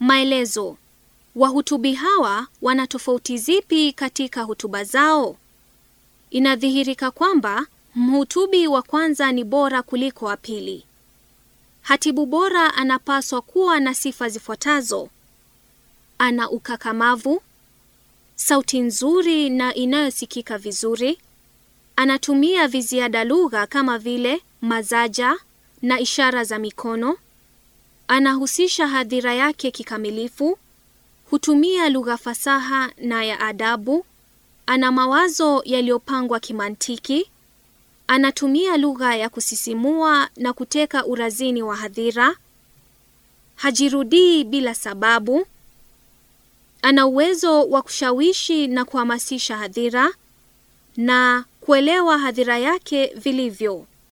Maelezo: wahutubi hawa wana tofauti zipi katika hutuba zao? Inadhihirika kwamba mhutubi wa kwanza ni bora kuliko wa pili. Hatibu bora anapaswa kuwa na sifa zifuatazo: ana ukakamavu, sauti nzuri na inayosikika vizuri, anatumia viziada lugha kama vile mazaja na ishara za mikono. Anahusisha hadhira yake kikamilifu, hutumia lugha fasaha na ya adabu, ana mawazo yaliyopangwa kimantiki, anatumia lugha ya kusisimua na kuteka urazini wa hadhira, hajirudii bila sababu, ana uwezo wa kushawishi na kuhamasisha hadhira na kuelewa hadhira yake vilivyo.